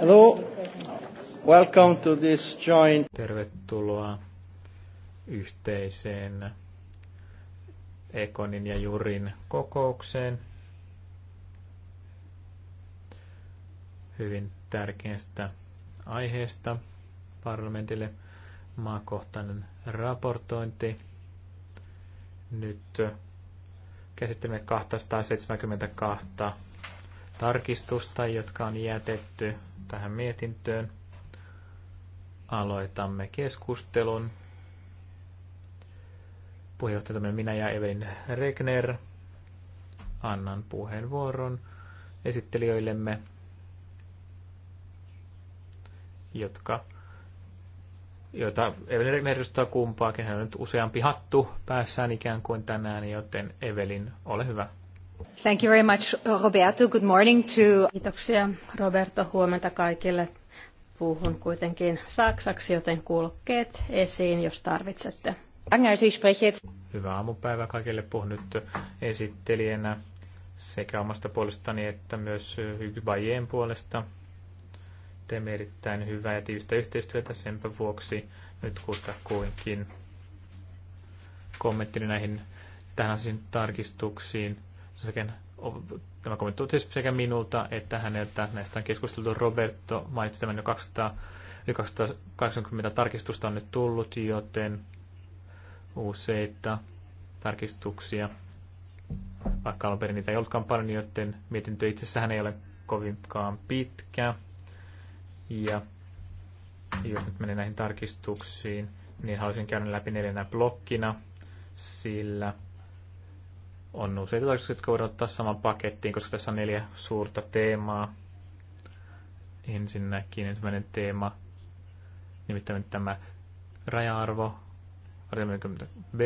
Hello. Welcome to this joint. Tervetuloa yhteiseen Ekonin ja Jurin kokoukseen. Hyvin tärkeästä aiheesta parlamentille maakohtainen raportointi. Nyt Käsittelemme 272 tarkistusta, jotka on jätetty tähän mietintöön. Aloitamme keskustelun. Puheenjohtajamme minä ja Evelin Regner. Annan puheenvuoron esittelijöillemme, jotka joita Evelin edustaa kumpaakin. Hän on nyt useampi hattu päässään ikään kuin tänään, joten Evelin, ole hyvä. Thank you very much, Roberto. Good morning to... Kiitoksia, Roberto. Huomenta kaikille. Puhun kuitenkin saksaksi, joten kuulokkeet esiin, jos tarvitsette. Siis Hyvää aamupäivää kaikille. Puhun nyt esittelijänä sekä omasta puolestani että myös Hygbajen puolesta systeemi erittäin hyvää ja tiivistä yhteistyötä senpä vuoksi nyt kuinkin kommenttini näihin tähän asian tarkistuksiin. Tämä kommentti on siis sekä minulta että häneltä. Näistä on keskusteltu. Roberto mainitsi tämän jo 200, yli 280 tarkistusta on nyt tullut, joten useita tarkistuksia. Vaikka alun perin niitä ei ollutkaan paljon, joten mietintö itsessään ei ole kovinkaan pitkä. Ja jos nyt menen näihin tarkistuksiin, niin haluaisin käydä läpi neljänä blokkina, sillä on useita tarkistuksia, jotka voidaan ottaa saman pakettiin, koska tässä on neljä suurta teemaa. Ensinnäkin ensimmäinen teema, nimittäin tämä raja-arvo, 40 B,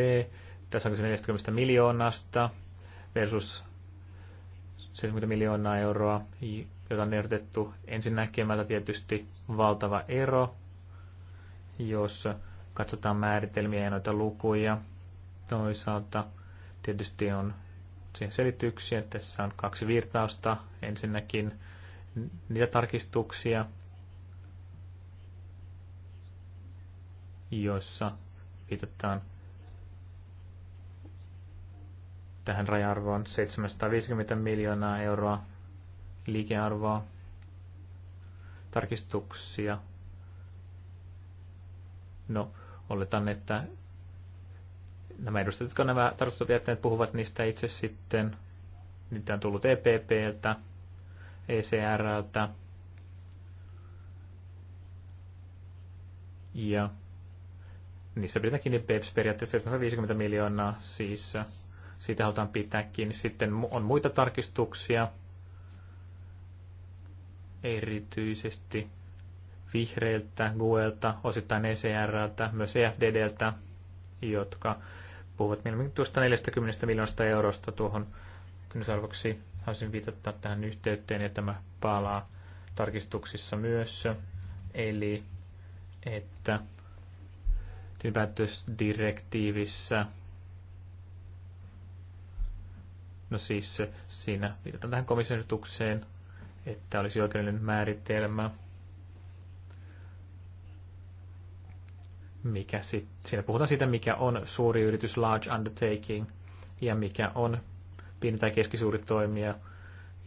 tässä on kyse 40 miljoonasta versus 70 miljoonaa euroa, jota on ehdotettu näkemällä tietysti valtava ero, jos katsotaan määritelmiä ja noita lukuja. Toisaalta tietysti on siihen selityksiä. että Tässä on kaksi virtausta. Ensinnäkin niitä tarkistuksia, joissa viitataan tähän raja-arvoon 750 miljoonaa euroa liikearvoa, tarkistuksia. No, oletan, että nämä edustajat, jotka nämä tarkistukset puhuvat niistä itse sitten. Niitä on tullut EPPltä, ECRltä ja niissä pidetään kiinni BEPS-periaatteessa 750 miljoonaa, siis siitä halutaan pitää kiinni. Sitten on muita tarkistuksia, erityisesti vihreiltä, GUElta, osittain ECRltä, myös EFDDltä, jotka puhuvat mieluummin tuosta 40 miljoonasta eurosta tuohon kynnysarvoksi. Haluaisin viitata tähän yhteyteen ja tämä palaa tarkistuksissa myös. Eli että tilinpäätösdirektiivissä No siis siinä viitataan tähän komission että olisi oikeudellinen määritelmä, mikä sit, siinä puhutaan siitä, mikä on suuri yritys, large undertaking, ja mikä on pieni tai keskisuuri toimija,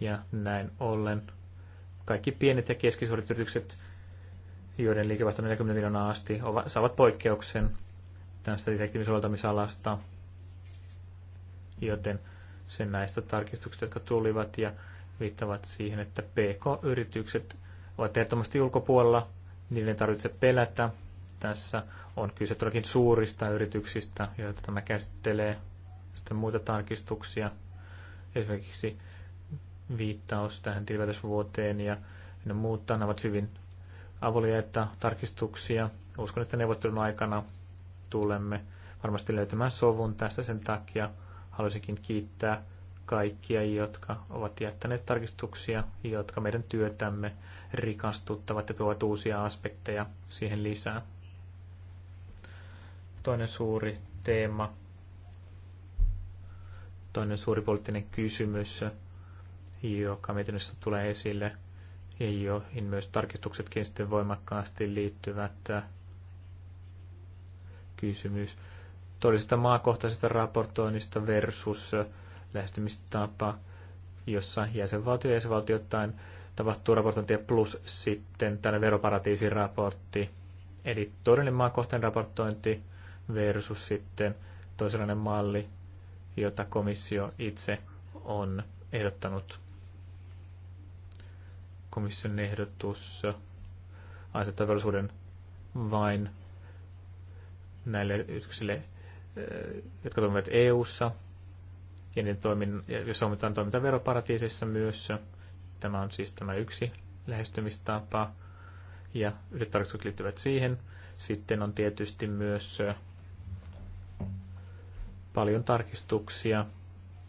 ja näin ollen kaikki pienet ja keskisuuret yritykset, joiden liikevaihto 40 miljoonaa asti, ovat, saavat poikkeuksen tästä direktiivin soveltamisalasta, joten sen näistä tarkistuksista, jotka tulivat, ja viittavat siihen, että PK-yritykset ovat ehdottomasti ulkopuolella, niin ei tarvitse pelätä. Tässä on kyse todellakin suurista yrityksistä, joita tämä käsittelee. Sitten muita tarkistuksia, esimerkiksi viittaus tähän tilipäätösvuoteen ja ne muut ovat hyvin avoliaita tarkistuksia. Uskon, että neuvottelun aikana tulemme varmasti löytämään sovun tästä sen takia. Haluaisinkin kiittää kaikkia, jotka ovat jättäneet tarkistuksia, jotka meidän työtämme rikastuttavat ja tuovat uusia aspekteja siihen lisää. Toinen suuri teema, toinen suuri poliittinen kysymys, joka mietinnössä tulee esille, ja joihin myös tarkistuksetkin sitten voimakkaasti liittyvät kysymys todellisesta maakohtaisesta raportoinnista versus lähestymistapa, jossa jäsenvaltio jäsenvaltioittain tapahtuu raportointia plus sitten tällainen veroparatiisin raportti, eli todellinen maakohtainen raportointi versus sitten toisenlainen malli, jota komissio itse on ehdottanut. Komission ehdotus asettaa velvollisuuden vain näille yrityksille, eh, jotka toimivat EU-ssa, ja, niiden toimin, ja jos omitaan toiminta veroparatiisissa myös. Tämä on siis tämä yksi lähestymistapa ja yhdet tarkastukset liittyvät siihen. Sitten on tietysti myös paljon tarkistuksia,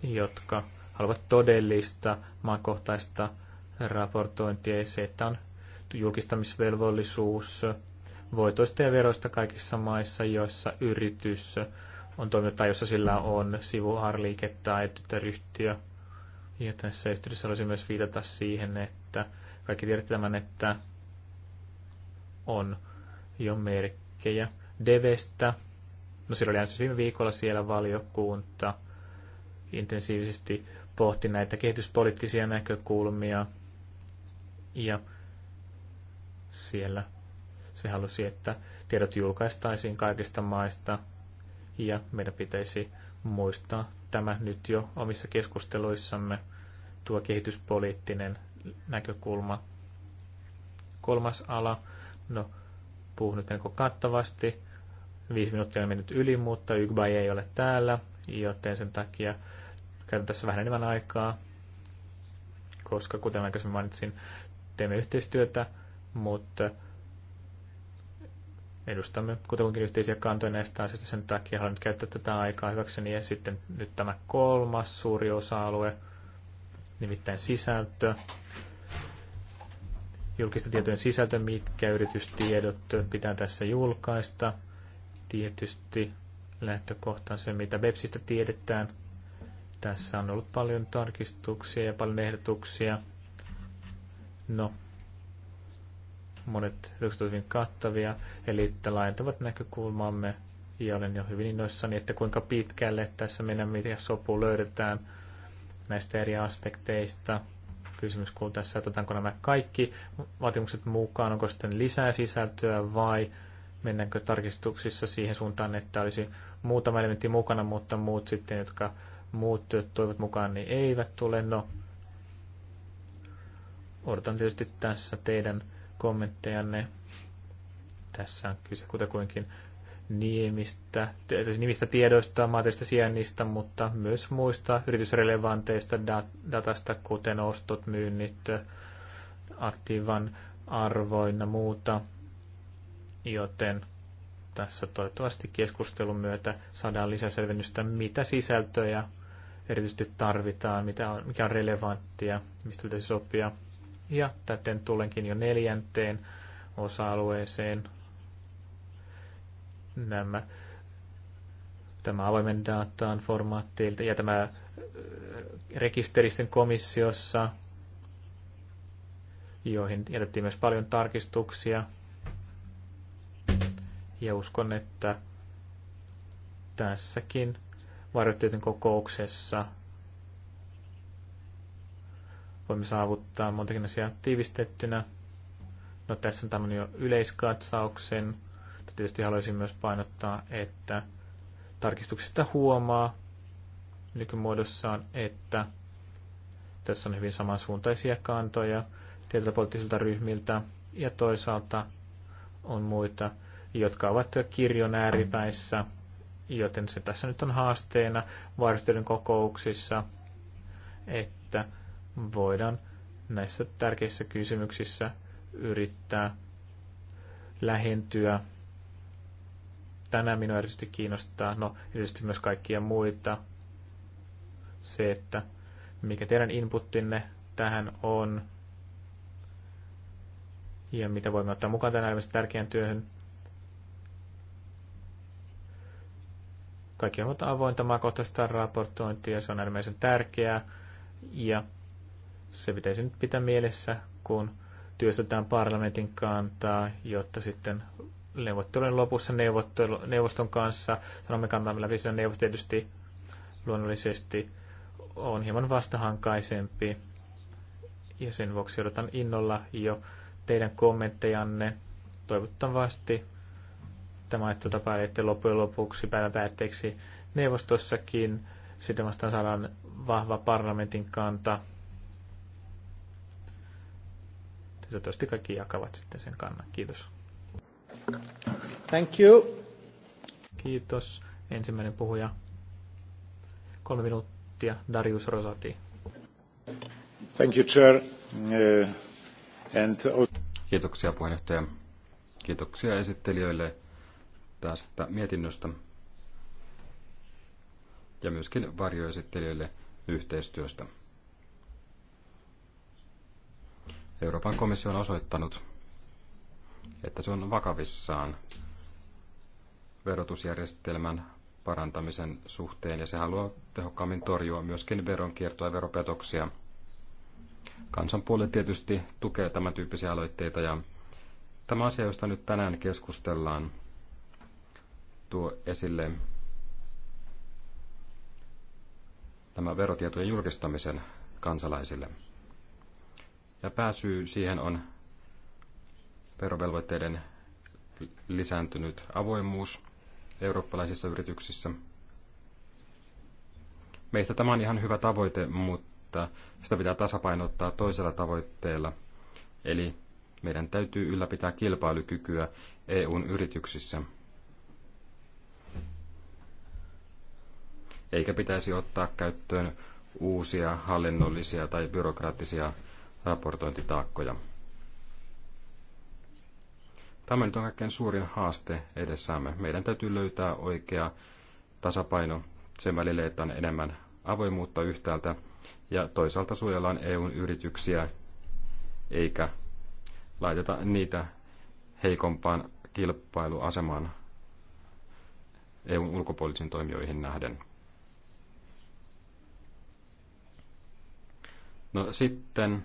jotka haluavat todellista maakohtaista raportointia ja se, että on julkistamisvelvollisuus voitoista ja veroista kaikissa maissa, joissa yritys on toimintaa, jossa sillä on sivuharliike tai tytäryhtiö. Ja tässä yhteydessä haluaisin myös viitata siihen, että kaikki tiedätte tämän, että on jo merkkejä Devestä. No silloin oli viime viikolla siellä valiokunta intensiivisesti pohti näitä kehityspoliittisia näkökulmia. Ja siellä se halusi, että tiedot julkaistaisiin kaikista maista ja meidän pitäisi muistaa tämä nyt jo omissa keskusteluissamme, tuo kehityspoliittinen näkökulma. Kolmas ala, no puhun nyt melko kattavasti, viisi minuuttia on mennyt yli, mutta Ygbay ei ole täällä, joten sen takia käytän tässä vähän enemmän aikaa, koska kuten aikaisemmin mainitsin, teemme yhteistyötä, mutta edustamme kutakuinkin yhteisiä kantoja näistä asioista. Sen takia haluan nyt käyttää tätä aikaa hyväkseni. Ja sitten nyt tämä kolmas suuri osa-alue, nimittäin sisältö. Julkisten tietojen sisältö, mitkä yritystiedot pitää tässä julkaista. Tietysti on se, mitä websistä tiedetään. Tässä on ollut paljon tarkistuksia ja paljon ehdotuksia. No, Monet ehdotukset ovat hyvin kattavia, eli laajentavat näkökulmamme ja olen jo hyvin innoissani, että kuinka pitkälle tässä meidän media sopu löydetään näistä eri aspekteista. Kysymys kuuluu tässä, otetaanko nämä kaikki vaatimukset mukaan, onko sitten lisää sisältöä vai mennäänkö tarkistuksissa siihen suuntaan, että olisi muutama elementti mukana, mutta muut sitten, jotka muut työt toivat mukaan, niin eivät tule. No, odotan tietysti tässä teidän kommenttejanne. Tässä on kyse kutakuinkin nimistä, nimistä tiedoista, maantieteellisestä sijainnista, mutta myös muista yritysrelevanteista datasta, kuten ostot, myynnit, aktiivan arvoina muuta. Joten tässä toivottavasti keskustelun myötä saadaan lisäselvennystä, mitä sisältöjä erityisesti tarvitaan, mitä on, mikä on relevanttia, mistä pitäisi sopia. Ja täten tulenkin jo neljänteen osa-alueeseen. Nämä, tämä avoimen dataan formaattiilta ja tämä äh, rekisteristen komissiossa, joihin jätettiin myös paljon tarkistuksia. Ja uskon, että tässäkin varjotyötön kokouksessa voimme saavuttaa montakin asiaa tiivistettynä. No tässä on tämmöinen jo yleiskatsauksen. Tietysti haluaisin myös painottaa, että tarkistuksesta huomaa nykymuodossaan, että tässä on hyvin samansuuntaisia kantoja tietyiltä poliittisilta ryhmiltä ja toisaalta on muita, jotka ovat kirjon ääripäissä, joten se tässä nyt on haasteena vaaristoiden kokouksissa, että voidaan näissä tärkeissä kysymyksissä yrittää lähentyä. Tänään minua erityisesti kiinnostaa, no erityisesti myös kaikkia muita, se, että mikä teidän inputtinne tähän on ja mitä voimme ottaa mukaan tänään äärimmäisen tärkeän työhön. Kaikki on avointa maakohtaista raportointia, se on äärimmäisen tärkeää. Ja se pitäisi nyt pitää mielessä, kun työstetään parlamentin kantaa, jotta sitten neuvottelujen lopussa neuvottelu, neuvoston kanssa, sanomme kantamme läpi, se neuvosto tietysti luonnollisesti on hieman vastahankaisempi. Ja sen vuoksi odotan innolla jo teidän kommenttejanne. Toivottavasti tämä ajattelutapa, että loppujen lopuksi päivän päätteeksi neuvostossakin sitten vastaan saadaan vahva parlamentin kanta Ja toivottavasti kaikki jakavat sitten sen kannan. Kiitos. Thank you. Kiitos. Ensimmäinen puhuja. Kolme minuuttia. Darius Rosati. Thank you, Chair. Uh, and... Kiitoksia puheenjohtaja. Kiitoksia esittelijöille tästä mietinnöstä ja myöskin varjoesittelijöille yhteistyöstä. Euroopan komissio on osoittanut, että se on vakavissaan verotusjärjestelmän parantamisen suhteen ja se haluaa tehokkaammin torjua myöskin veronkiertoa ja veropetoksia. Kansanpuolue tietysti tukee tämän tyyppisiä aloitteita ja tämä asia, josta nyt tänään keskustellaan, tuo esille tämä verotietojen julkistamisen kansalaisille. Ja pääsyy siihen on verovelvoitteiden lisääntynyt avoimuus eurooppalaisissa yrityksissä. Meistä tämä on ihan hyvä tavoite, mutta sitä pitää tasapainottaa toisella tavoitteella. Eli meidän täytyy ylläpitää kilpailukykyä EUn yrityksissä. Eikä pitäisi ottaa käyttöön uusia hallinnollisia tai byrokraattisia raportointitaakkoja. Tämä nyt on kaikkein suurin haaste edessämme. Meidän täytyy löytää oikea tasapaino sen välille, että on enemmän avoimuutta yhtäältä ja toisaalta suojellaan EUn yrityksiä eikä laiteta niitä heikompaan kilpailuasemaan EUn ulkopuolisiin toimijoihin nähden. No sitten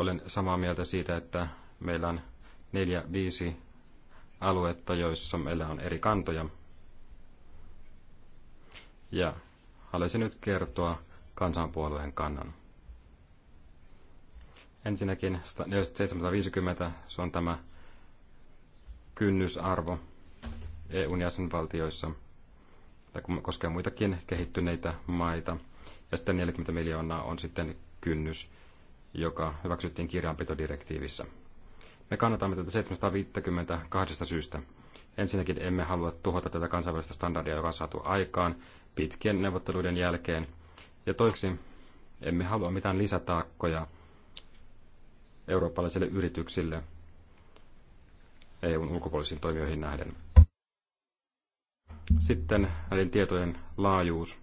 olen samaa mieltä siitä, että meillä on neljä, viisi aluetta, joissa meillä on eri kantoja. Ja haluaisin nyt kertoa kansanpuolueen kannan. Ensinnäkin 750, se on tämä kynnysarvo EUn jäsenvaltioissa, tai kun koskee muitakin kehittyneitä maita. Ja sitten 40 miljoonaa on sitten kynnys joka hyväksyttiin kirjanpitodirektiivissä. Me kannatamme tätä 750 kahdesta syystä. Ensinnäkin emme halua tuhota tätä kansainvälistä standardia, joka on saatu aikaan pitkien neuvotteluiden jälkeen. Ja toiseksi emme halua mitään lisätaakkoja eurooppalaisille yrityksille EUn ulkopuolisiin toimijoihin nähden. Sitten näiden tietojen laajuus.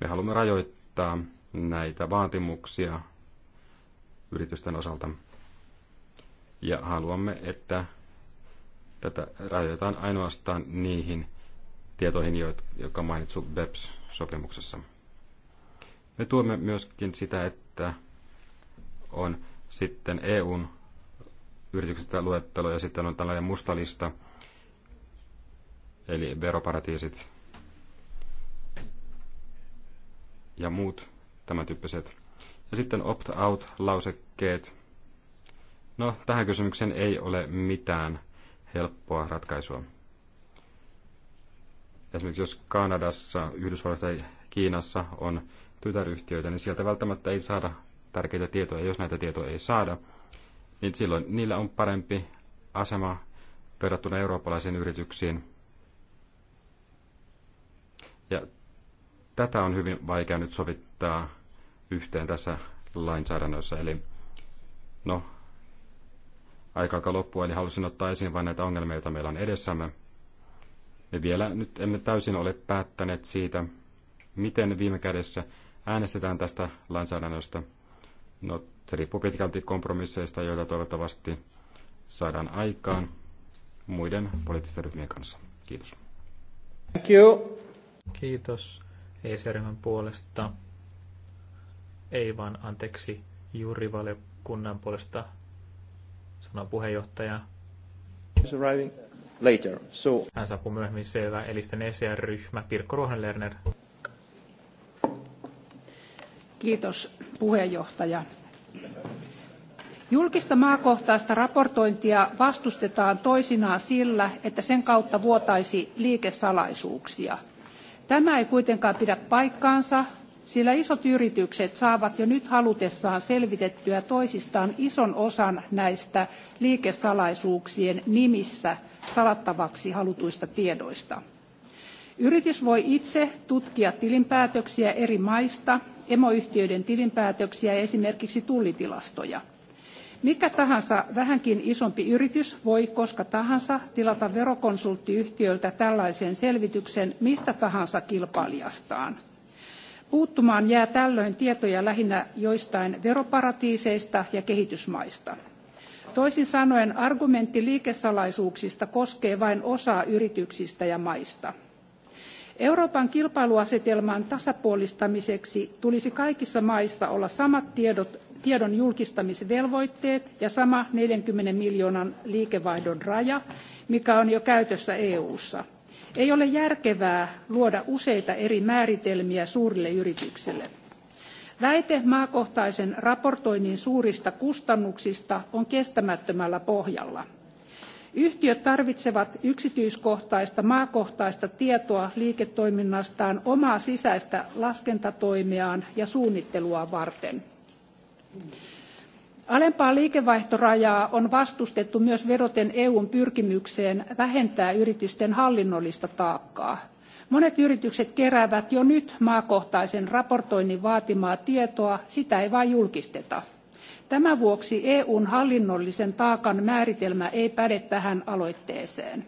Me haluamme rajoittaa näitä vaatimuksia yritysten osalta. Ja haluamme, että tätä rajoitetaan ainoastaan niihin tietoihin, jotka mainitsu BEPS-sopimuksessa. Me tuomme myöskin sitä, että on sitten EUn yrityksistä luettelo ja sitten on tällainen musta lista, eli veroparatiisit ja muut tämän tyyppiset ja sitten opt-out-lausekkeet. No, tähän kysymykseen ei ole mitään helppoa ratkaisua. Esimerkiksi jos Kanadassa, Yhdysvalloissa tai Kiinassa on tytäryhtiöitä, niin sieltä välttämättä ei saada tärkeitä tietoja. Jos näitä tietoja ei saada, niin silloin niillä on parempi asema verrattuna eurooppalaisiin yrityksiin. Ja tätä on hyvin vaikea nyt sovittaa yhteen tässä lainsäädännössä. Eli no, aika alkaa loppua, eli halusin ottaa esiin vain näitä ongelmia, joita meillä on edessämme. Me vielä nyt emme täysin ole päättäneet siitä, miten viime kädessä äänestetään tästä lainsäädännöstä. No, se riippuu pitkälti kompromisseista, joita toivottavasti saadaan aikaan muiden poliittisten ryhmien kanssa. Kiitos. Thank you. Kiitos Ei puolesta ei vaan anteeksi juurivaliokunnan puolesta sanoi puheenjohtaja. He's arriving later. So... Hän saapuu myöhemmin selvä, eli sitten ECR-ryhmä Pirkko Ruohonlerner. Kiitos puheenjohtaja. Julkista maakohtaista raportointia vastustetaan toisinaan sillä, että sen kautta vuotaisi liikesalaisuuksia. Tämä ei kuitenkaan pidä paikkaansa, sillä isot yritykset saavat jo nyt halutessaan selvitettyä toisistaan ison osan näistä liikesalaisuuksien nimissä salattavaksi halutuista tiedoista. Yritys voi itse tutkia tilinpäätöksiä eri maista, emoyhtiöiden tilinpäätöksiä ja esimerkiksi tullitilastoja. Mikä tahansa vähänkin isompi yritys voi koska tahansa tilata verokonsulttiyhtiöltä tällaisen selvityksen mistä tahansa kilpailijastaan. Puuttumaan jää tällöin tietoja lähinnä joistain veroparatiiseista ja kehitysmaista. Toisin sanoen argumentti liikesalaisuuksista koskee vain osaa yrityksistä ja maista. Euroopan kilpailuasetelman tasapuolistamiseksi tulisi kaikissa maissa olla samat tiedot, tiedon julkistamisvelvoitteet ja sama 40 miljoonan liikevaihdon raja, mikä on jo käytössä EU:ssa. Ei ole järkevää luoda useita eri määritelmiä suurille yrityksille. Väite maakohtaisen raportoinnin suurista kustannuksista on kestämättömällä pohjalla. Yhtiöt tarvitsevat yksityiskohtaista maakohtaista tietoa liiketoiminnastaan omaa sisäistä laskentatoimeaan ja suunnittelua varten alempaa liikevaihtorajaa on vastustettu myös vedoten eun pyrkimykseen vähentää yritysten hallinnollista taakkaa monet yritykset keräävät jo nyt maakohtaisen raportoinnin vaatimaa tietoa sitä ei vain julkisteta tämän vuoksi eun hallinnollisen taakan määritelmä ei päde tähän aloitteeseen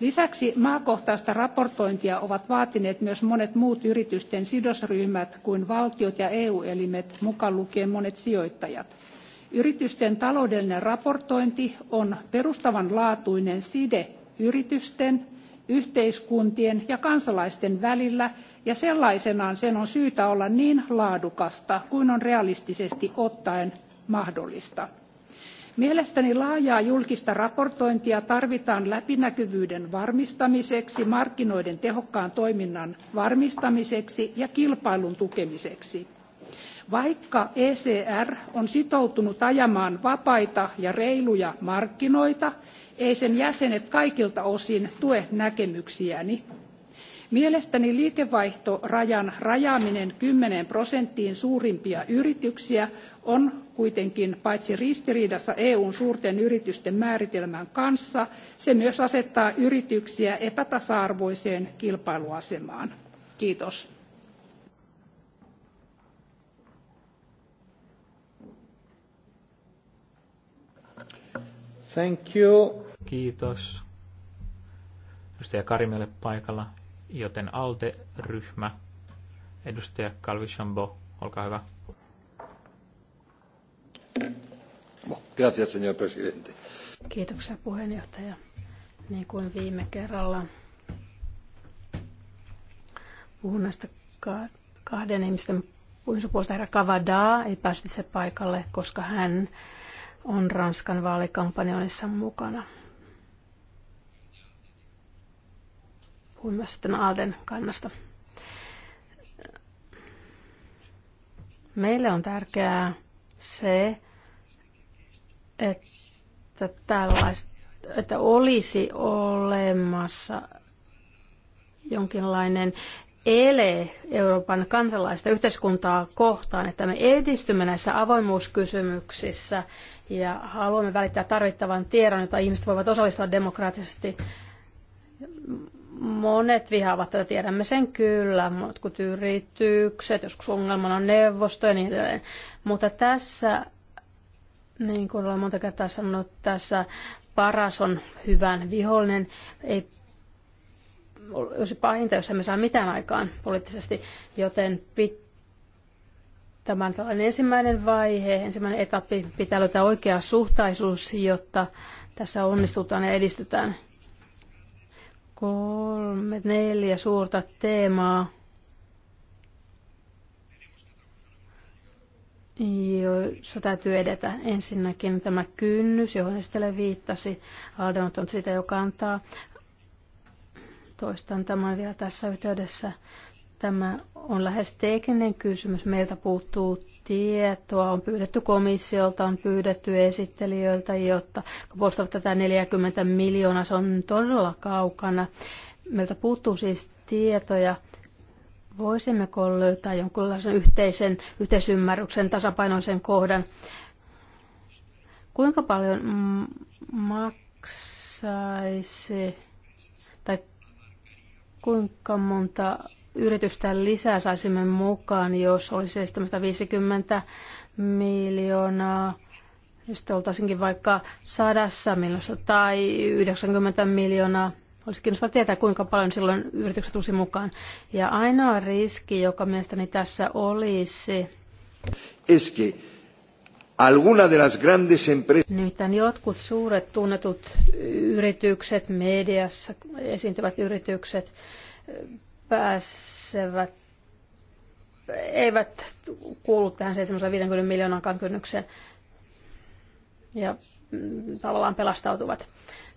lisäksi maakohtaista raportointia ovat vaatineet myös monet muut yritysten sidosryhmät kuin valtiot ja eu elimet mukaan lukien monet sijoittajat yritysten taloudellinen raportointi on perustavanlaatuinen side yritysten yhteiskuntien ja kansalaisten välillä ja sellaisenaan sen on syytä olla niin laadukasta kuin on realistisesti ottaen mahdollista. mielestäni laajaa julkista raportointia tarvitaan läpinäkyvyyden varmistamiseksi markkinoiden tehokkaan toiminnan varmistamiseksi ja kilpailun tukemiseksi vaikka ecr on sitoutunut ajamaan vapaita ja reiluja markkinoita eivät sen jäsenet kaikilta osin tue näkemyksiäni. mielestäni liikevaihtorajan rajaaminen kymmeneen prosenttiin suurimpia yrityksiä on kuitenkin paitsi ristiriidassa eun suurten yritysten määritelmän kanssa se myös asettaa yrityksiä epätasa arvoiseen kilpailuasemaan. kiitos. Thank you. Kiitos. Edustaja Karimelle paikalla, joten ALDE-ryhmä. Edustaja Calvi Chambo, olkaa hyvä. Gracias, señor presidente. Kiitoksia puheenjohtaja. Niin kuin viime kerralla puhun näistä kahden ihmisten puolesta herra Kavadaa ei päässyt itse paikalle, koska hän on Ranskan vaalikampanjoissa mukana. Puhun myös sitten Alden kannasta. Meille on tärkeää se, että, tällaista, että olisi olemassa jonkinlainen ele Euroopan kansalaista yhteiskuntaa kohtaan, että me edistymme näissä avoimuuskysymyksissä ja haluamme välittää tarvittavan tiedon, jota ihmiset voivat osallistua demokraattisesti. Monet vihaavat tätä, tiedämme sen kyllä, jotkut yritykset, joskus ongelmana on neuvosto ja niin edelleen. Mutta tässä, niin kuin olen monta kertaa sanonut, tässä paras on hyvän vihollinen. Ei olisi pahinta, jos emme saa mitään aikaan poliittisesti, joten pitää Tämä on tällainen ensimmäinen vaihe, ensimmäinen etappi. Pitää löytää oikea suhtaisuus, jotta tässä onnistutaan ja edistytään. Kolme, neljä suurta teemaa, joissa täytyy edetä. Ensinnäkin tämä kynnys, johon Estelle viittasi. Aldenot on sitä, joka antaa. Toistan tämän vielä tässä yhteydessä. Tämä on lähes tekninen kysymys. Meiltä puuttuu tietoa, on pyydetty komissiolta, on pyydetty esittelijöiltä, jotta puolustavat tätä 40 miljoonaa, se on todella kaukana. Meiltä puuttuu siis tietoja. Voisimmeko löytää jonkinlaisen yhteisen yhteisymmärryksen tasapainoisen kohdan? Kuinka paljon maksaisi tai kuinka monta yritystä lisää saisimme mukaan, jos olisi 750 miljoonaa, sitten oltaisinkin vaikka sadassa miljoonassa tai 90 miljoonaa. Olisi kiinnostavaa tietää, kuinka paljon silloin yritykset tulisi mukaan. Ja ainoa riski, joka mielestäni tässä olisi... Es que alguna de las grandes empresas... Nimittäin jotkut suuret tunnetut yritykset, mediassa esiintyvät yritykset, pääsevät eivät kuulu tähän 750 miljoonan kynnykseen ja tavallaan pelastautuvat.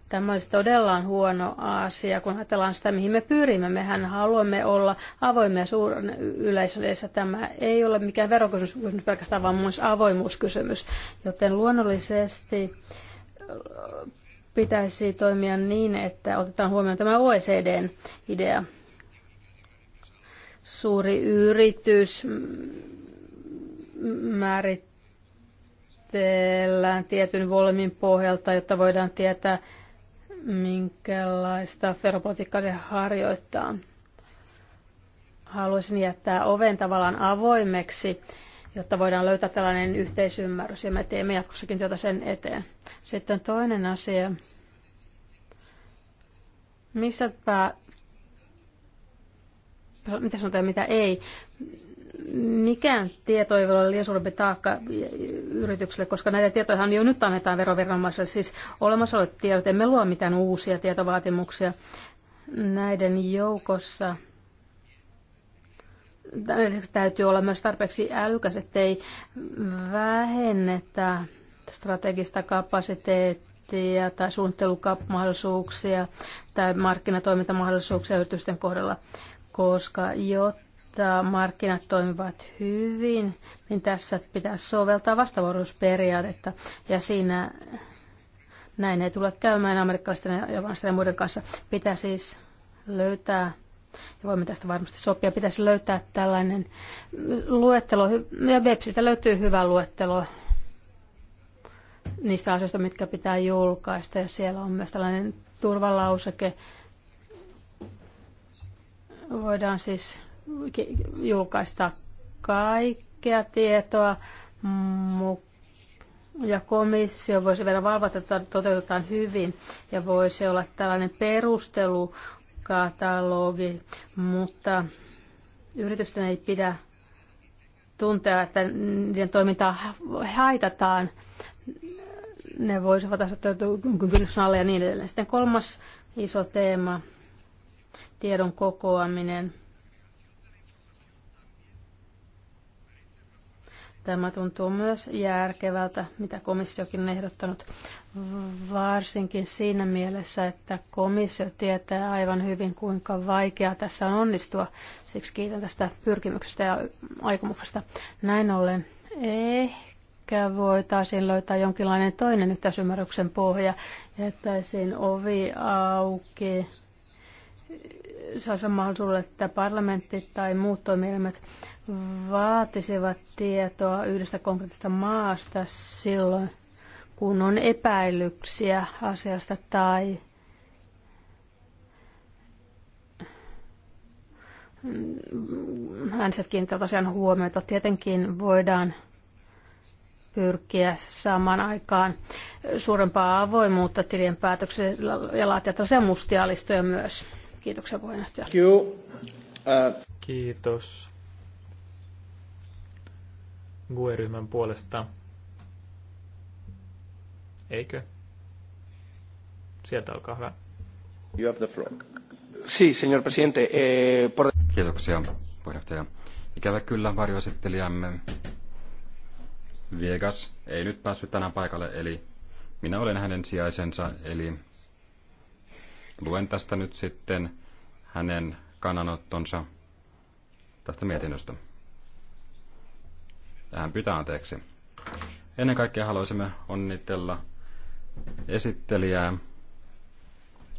Tämä olisi todella huono asia, kun ajatellaan sitä, mihin me pyrimme. Mehän haluamme olla avoimia suuren yleisön edessä. Tämä ei ole mikään verokysymys pelkästään, vaan myös avoimuuskysymys. Joten luonnollisesti pitäisi toimia niin, että otetaan huomioon tämä OECDn idea suuri yritys määritellään tietyn volyymin pohjalta, jotta voidaan tietää, minkälaista veropolitiikkaa se harjoittaa. Haluaisin jättää oven tavallaan avoimeksi, jotta voidaan löytää tällainen yhteisymmärrys, ja me teemme jatkossakin työtä sen eteen. Sitten toinen asia. Mistä mitä sanotaan ja mitä ei. Mikään tieto ei voi olla liian suurempi taakka yritykselle, koska näitä tietoja jo nyt annetaan veroviranomaisille. Siis olemassa olevat tiedot, emme luo mitään uusia tietovaatimuksia näiden joukossa lisäksi täytyy olla myös tarpeeksi älykäs, ettei vähennetä strategista kapasiteettia tai suunnittelumahdollisuuksia tai markkinatoimintamahdollisuuksia yritysten kohdalla koska jotta markkinat toimivat hyvin, niin tässä pitää soveltaa vastavuoroisuusperiaatetta ja siinä näin ei tule käymään amerikkalaisten ja japanilaisten ja muiden kanssa. Pitää siis löytää, ja voimme tästä varmasti sopia, pitäisi löytää tällainen luettelo, ja Websistä löytyy hyvä luettelo niistä asioista, mitkä pitää julkaista, ja siellä on myös tällainen turvalauseke, Voidaan siis julkaista kaikkea tietoa ja komissio voisi vielä valvoa, että toteutetaan hyvin ja voisi olla tällainen perustelukatalogi, mutta yritysten ei pidä tuntea, että niiden toimintaa haitataan. Ne voisivat asettua kynnyksen alle ja niin edelleen. Sitten kolmas iso teema tiedon kokoaminen. Tämä tuntuu myös järkevältä, mitä komissiokin on ehdottanut, varsinkin siinä mielessä, että komissio tietää aivan hyvin, kuinka vaikeaa tässä on onnistua. Siksi kiitän tästä pyrkimyksestä ja aikomuksesta. Näin ollen ehkä voitaisiin löytää jonkinlainen toinen yhteisymmärryksen pohja. Jättäisiin ovi auki sellaisen mahdollisuuden, että parlamentti tai muut toimielimet vaatisivat tietoa yhdestä konkreettista maasta silloin, kun on epäilyksiä asiasta tai äänestät kiinnittävät asian huomiota. Tietenkin voidaan pyrkiä saamaan aikaan suurempaa avoimuutta tilien päätöksellä ja laatia tällaisia mustia listoja myös. Kiitoksia puheenjohtaja. Uh, Kiitos. GUE-ryhmän puolesta. Eikö? Sieltä olkaa hyvä. You have the floor. Sí, señor presidente. Eh, por... Kiitoksia, puheenjohtaja. Ikävä kyllä varjoesittelijämme Viegas ei nyt päässyt tänään paikalle, eli minä olen hänen sijaisensa, eli Luen tästä nyt sitten hänen kannanottonsa tästä mietinnöstä. Tähän pyytää anteeksi. Ennen kaikkea haluaisimme onnitella esittelijää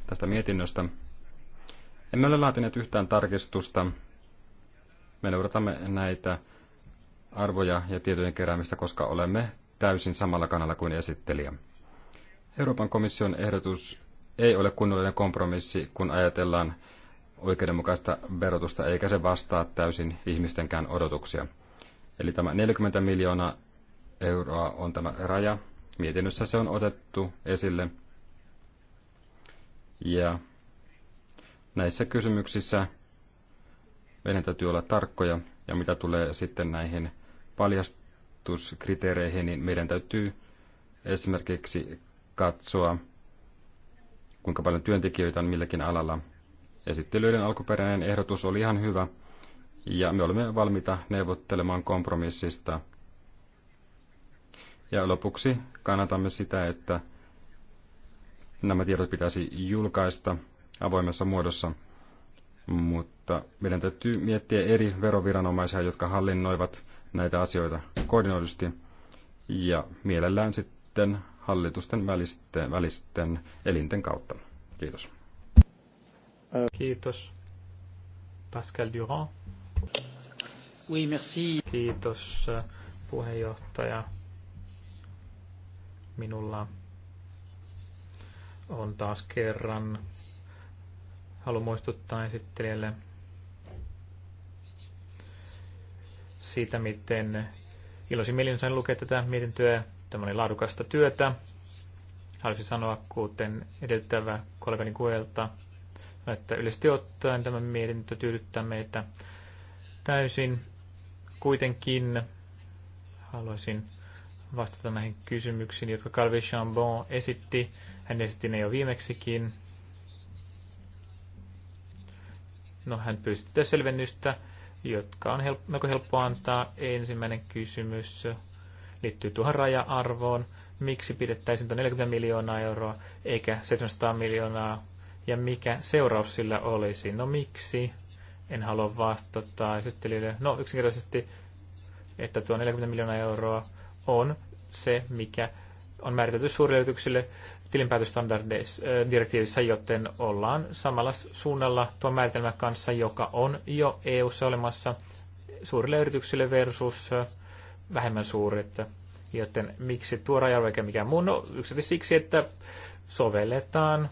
tästä mietinnöstä. Emme ole laatineet yhtään tarkistusta. Me noudatamme näitä arvoja ja tietojen keräämistä, koska olemme täysin samalla kannalla kuin esittelijä. Euroopan komission ehdotus ei ole kunnollinen kompromissi, kun ajatellaan oikeudenmukaista verotusta, eikä se vastaa täysin ihmistenkään odotuksia. Eli tämä 40 miljoonaa euroa on tämä raja. Mietinnössä se on otettu esille. Ja näissä kysymyksissä meidän täytyy olla tarkkoja. Ja mitä tulee sitten näihin paljastuskriteereihin, niin meidän täytyy esimerkiksi katsoa, kuinka paljon työntekijöitä on milläkin alalla. Esittelyiden alkuperäinen ehdotus oli ihan hyvä, ja me olemme valmiita neuvottelemaan kompromissista. Ja lopuksi kannatamme sitä, että nämä tiedot pitäisi julkaista avoimessa muodossa, mutta meidän täytyy miettiä eri veroviranomaisia, jotka hallinnoivat näitä asioita koordinoidusti, ja mielellään sitten hallitusten välisten, välisten elinten kautta. Kiitos. Kiitos. Pascal Durand. Oui, merci. Kiitos äh, puheenjohtaja. Minulla on taas kerran. Haluan muistuttaa esittelijälle siitä, miten iloisin mielin sain lukea tätä mietintöä Tämä oli laadukasta työtä. Haluaisin sanoa, kuten edeltävä kollegani Kuelta, että yleisesti ottaen tämä mietintö tyydyttää meitä täysin. Kuitenkin haluaisin vastata näihin kysymyksiin, jotka Calvi Chambon esitti. Hän esitti ne jo viimeksikin. No, hän pyysi selvennystä, jotka on melko helppo antaa. Ensimmäinen kysymys liittyy tuohon raja-arvoon. Miksi pidettäisiin 40 miljoonaa euroa eikä 700 miljoonaa ja mikä seuraus sillä olisi? No miksi? En halua vastata esittelijöille. No yksinkertaisesti, että tuo 40 miljoonaa euroa on se, mikä on määritelty suurille tilinpäätöstandardeissa joten ollaan samalla suunnalla tuon määritelmän kanssa, joka on jo EU-ssa olemassa suurille yrityksille versus vähemmän että, Joten miksi tuo raja mikä mikään muu? No yksinkertaisesti siksi, että sovelletaan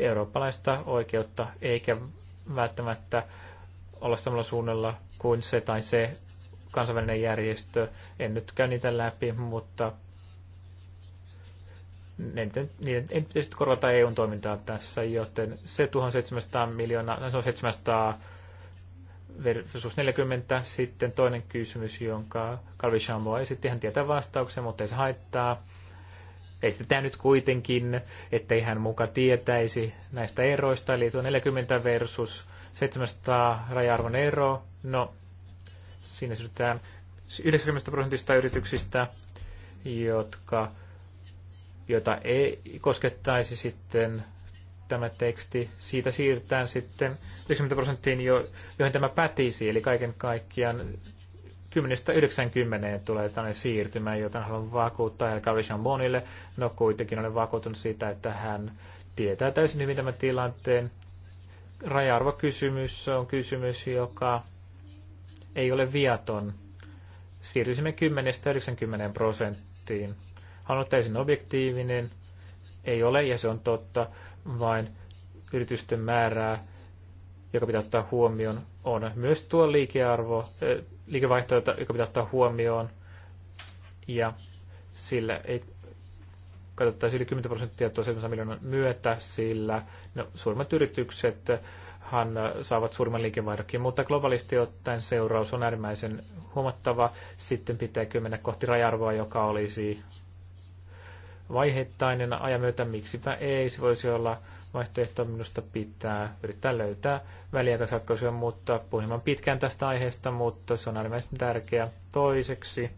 eurooppalaista oikeutta, eikä välttämättä olla samalla suunnalla kuin se tai se kansainvälinen järjestö. En nyt käy niitä läpi, mutta niiden, ei pitäisi korvata EUn toimintaa tässä, joten se 1700 miljoonaa, no se on 700 versus 40. Sitten toinen kysymys, jonka Calvi Chambo esitti, hän tietää vastauksen, mutta ei se haittaa. Esitetään nyt kuitenkin, ettei hän muka tietäisi näistä eroista, eli tuo 40 versus 700 raja-arvon ero. No, siinä siirrytään 90 prosentista yrityksistä, jotka, joita ei koskettaisi sitten tämä teksti, siitä siirrytään sitten 90 prosenttiin, jo, johon tämä pätisi, eli kaiken kaikkiaan 10-90 tulee tällainen siirtymä, jota haluan vakuuttaa Herr Monille. No kuitenkin olen vakuutunut siitä, että hän tietää täysin hyvin tämän tilanteen. Raja-arvokysymys on kysymys, joka ei ole viaton. Siirrysimme 10-90 prosenttiin. Hän on täysin objektiivinen, ei ole, ja se on totta vain yritysten määrää, joka pitää ottaa huomioon, on myös tuo liikearvo, liikevaihto, joka pitää ottaa huomioon, ja sillä ei katsottaisiin yli 10 prosenttia tuo 700 miljoonan myötä, sillä no, suurimmat yritykset han saavat suurimman liikevaihdokin, mutta globaalisti ottaen seuraus on äärimmäisen huomattava. Sitten pitää mennä kohti rajarvoa, joka olisi vaiheittainen ajan myötä, miksipä ei, se voisi olla vaihtoehto minusta pitää yrittää löytää väliaikaisratkaisuja, mutta puhuin pitkään tästä aiheesta, mutta se on äärimmäisen tärkeä. Toiseksi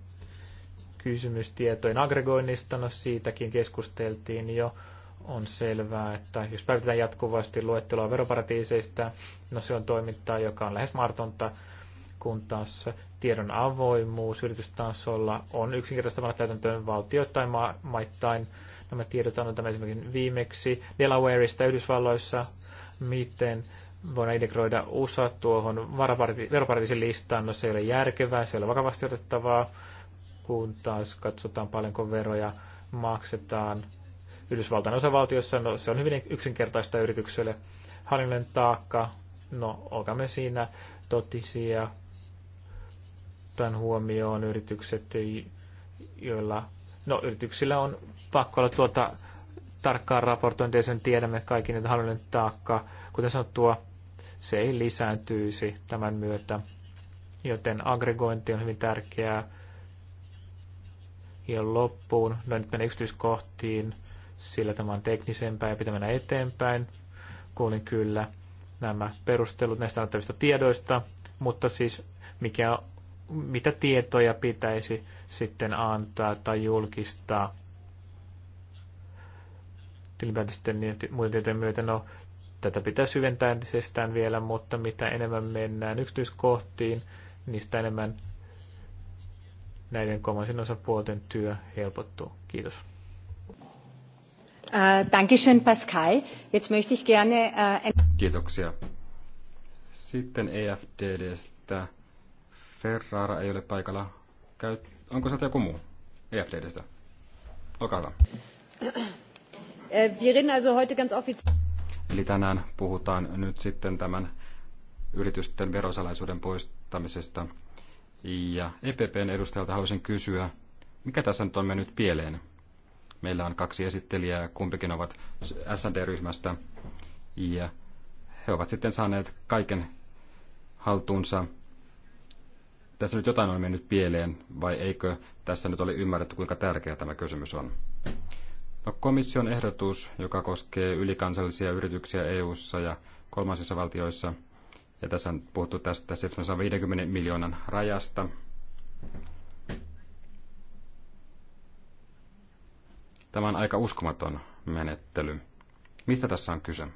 kysymys tietojen aggregoinnista, no siitäkin keskusteltiin jo. On selvää, että jos päivitetään jatkuvasti luetteloa veroparatiiseista, no se on toimintaa, joka on lähes martonta, kun taas tiedon avoimuus yritystasolla on yksinkertaistavana täytäntöön valtioittain ma- maittain. Nämä tiedot annetaan esimerkiksi viimeksi Delawareista Yhdysvalloissa, miten voidaan integroida USA tuohon veroparatiisin listaan. No se ei ole järkevää, se ei ole vakavasti otettavaa, kun taas katsotaan paljonko veroja maksetaan Yhdysvaltain osavaltiossa. No se on hyvin yksinkertaista yritykselle. Hallinnollinen taakka, no olkaamme siinä totisia ottaen huomioon yritykset, joilla, no yrityksillä on pakko olla tuota tarkkaan raportointia, sen tiedämme kaikki, että hallinnon taakka, kuten sanottua, se ei lisääntyisi tämän myötä, joten aggregointi on hyvin tärkeää. Ja loppuun, no nyt mennään yksityiskohtiin, sillä tämä on teknisempää ja pitää mennä eteenpäin. Kuulin kyllä nämä perustelut näistä annettavista tiedoista, mutta siis mikä mitä tietoja pitäisi sitten antaa tai julkistaa ylipäätään niin muiden tietojen myötä. No, tätä pitää syventää entisestään vielä, mutta mitä enemmän mennään yksityiskohtiin, niistä enemmän näiden kolmansien osapuolten työ helpottuu. Kiitos. Äh, Dankeschön, Pascal. Jetzt möchte ich gerne... Äh, Kiitoksia. Sitten EFDDstä Ferrara ei ole paikalla. Käy... Onko sieltä joku muu? EFDstä. Olkaa hyvä. Äh, wir reden also heute ganz offiziell. Eli tänään puhutaan nyt sitten tämän yritysten verosalaisuuden poistamisesta. Ja EPPn edustajalta haluaisin kysyä, mikä tässä nyt on mennyt pieleen? Meillä on kaksi esittelijää, kumpikin ovat sd ryhmästä ja he ovat sitten saaneet kaiken haltuunsa tässä nyt jotain on mennyt pieleen, vai eikö tässä nyt ole ymmärretty, kuinka tärkeä tämä kysymys on? No, komission ehdotus, joka koskee ylikansallisia yrityksiä EU-ssa ja kolmansissa valtioissa, ja tässä on puhuttu tästä 750 miljoonan rajasta. Tämä on aika uskomaton menettely. Mistä tässä on kyse?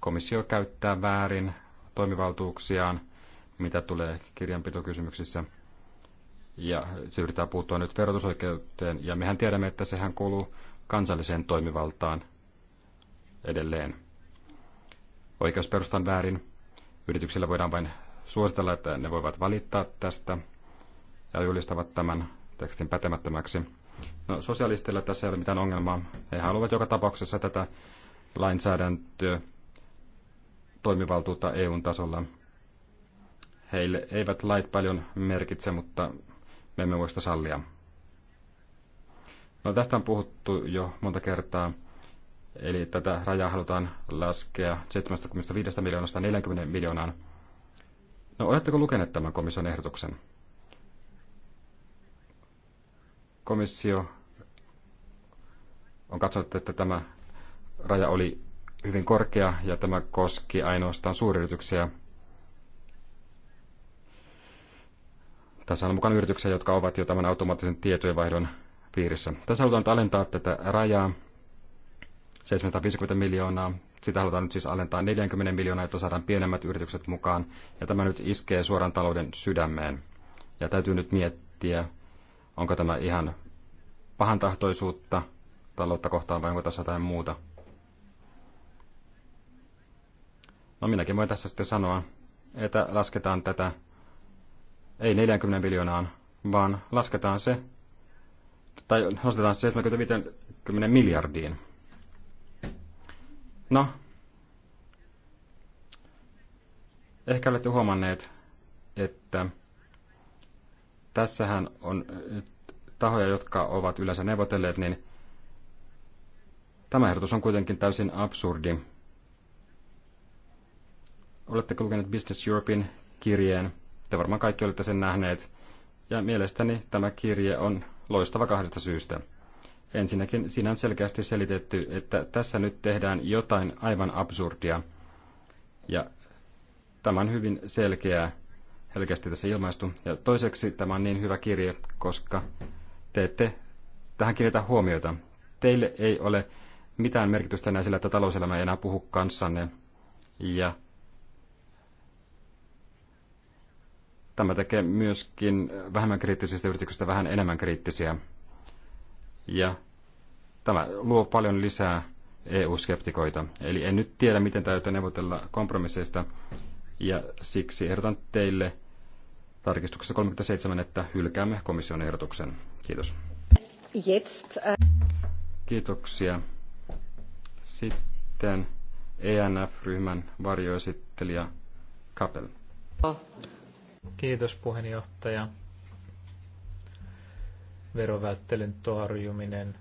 Komissio käyttää väärin toimivaltuuksiaan mitä tulee kirjanpitokysymyksissä. Ja se yrittää puuttua nyt verotusoikeuteen, ja mehän tiedämme, että sehän kuuluu kansalliseen toimivaltaan edelleen. Oikeusperustan väärin. Yrityksillä voidaan vain suositella, että ne voivat valittaa tästä ja julistavat tämän tekstin pätemättömäksi. No, sosialisteilla tässä ei ole mitään ongelmaa. He haluavat joka tapauksessa tätä lainsäädäntöä toimivaltuutta eu tasolla. Heille eivät lait paljon merkitse, mutta me emme voi sitä sallia. No, tästä on puhuttu jo monta kertaa. Eli tätä rajaa halutaan laskea 75 miljoonasta 40 miljoonaan. No, oletteko lukeneet tämän komission ehdotuksen? Komissio on katsonut, että tämä raja oli hyvin korkea ja tämä koski ainoastaan suuryrityksiä, Tässä on mukana yrityksiä, jotka ovat jo tämän automaattisen tietojenvaihdon piirissä. Tässä halutaan nyt alentaa tätä rajaa 750 miljoonaa. Sitä halutaan nyt siis alentaa 40 miljoonaa, jotta saadaan pienemmät yritykset mukaan. Ja tämä nyt iskee suoran talouden sydämeen. Ja täytyy nyt miettiä, onko tämä ihan pahantahtoisuutta taloutta kohtaan vai onko tässä jotain muuta. No minäkin voin tässä sitten sanoa, että lasketaan tätä ei 40 miljoonaan, vaan lasketaan se, tai nostetaan se 75 miljardiin. No, ehkä olette huomanneet, että tässähän on tahoja, jotka ovat yleensä neuvotelleet, niin tämä ehdotus on kuitenkin täysin absurdi. Oletteko lukeneet Business Europein kirjeen? Te varmaan kaikki olette sen nähneet. Ja mielestäni tämä kirje on loistava kahdesta syystä. Ensinnäkin siinä on selkeästi selitetty, että tässä nyt tehdään jotain aivan absurdia. Ja tämä on hyvin selkeää, selkeästi tässä ilmaistu. Ja toiseksi tämä on niin hyvä kirje, koska te ette tähän kirjata huomiota. Teille ei ole mitään merkitystä enää sillä, että talouselämä ei enää puhu kanssanne. Ja Tämä tekee myöskin vähemmän kriittisistä yrityksistä vähän enemmän kriittisiä. Ja tämä luo paljon lisää EU-skeptikoita. Eli en nyt tiedä, miten täytyy neuvotella kompromisseista, ja siksi ehdotan teille tarkistuksessa 37, että hylkäämme komission ehdotuksen. Kiitos. Jetzt, äh, Kiitoksia. Sitten ENF-ryhmän varjoesittelijä Kapel. Oh. Äh, Kiitos puheenjohtaja. Verovälttelyn torjuminen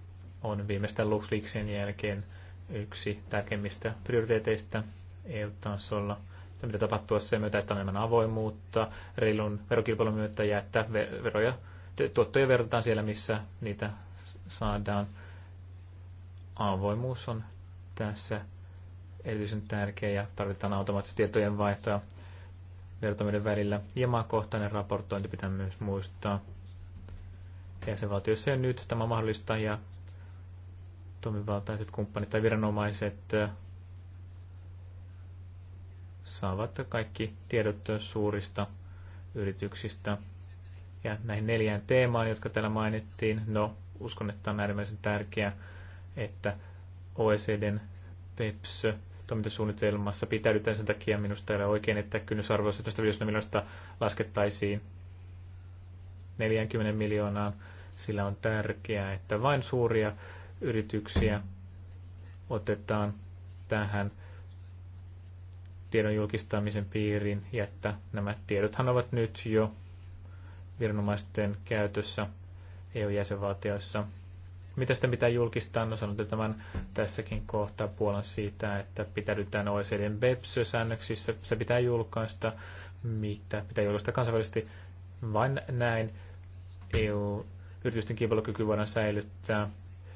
on viimeistä Luxleaksien jälkeen yksi tärkeimmistä prioriteeteista EU-tasolla. Mitä tapahtuu sen myötä, että on enemmän avoimuutta, reilun verokilpailun myötä ja että veroja, tuottoja verotetaan siellä, missä niitä saadaan. Avoimuus on tässä erityisen tärkeä ja tarvitaan automaattisesti tietojen vaihtoa vertailuiden välillä. Ja maakohtainen raportointi pitää myös muistaa. Jäsenvaltioissa jo nyt tämä mahdollista ja toimivaltaiset kumppanit tai viranomaiset saavat kaikki tiedot suurista yrityksistä. Ja näihin neljään teemaan, jotka täällä mainittiin, no uskon, että on äärimmäisen tärkeää, että OECDn PEPS toimintasuunnitelmassa pitäydytään sen takia minusta ei ole oikein, että kynnysarvo 150 miljoonasta laskettaisiin 40 miljoonaan. Sillä on tärkeää, että vain suuria yrityksiä otetaan tähän tiedon julkistamisen piiriin ja että nämä tiedothan ovat nyt jo viranomaisten käytössä EU-jäsenvaltioissa – mitä sitä pitää julkistaa? No sanotte tämän tässäkin kohtaa puolen siitä, että pitäydytään OECDn BEPS-säännöksissä. Se pitää julkaista, mitä pitää julkaista kansainvälisesti vain näin. EU-yritysten kilpailukyky voidaan säilyttää.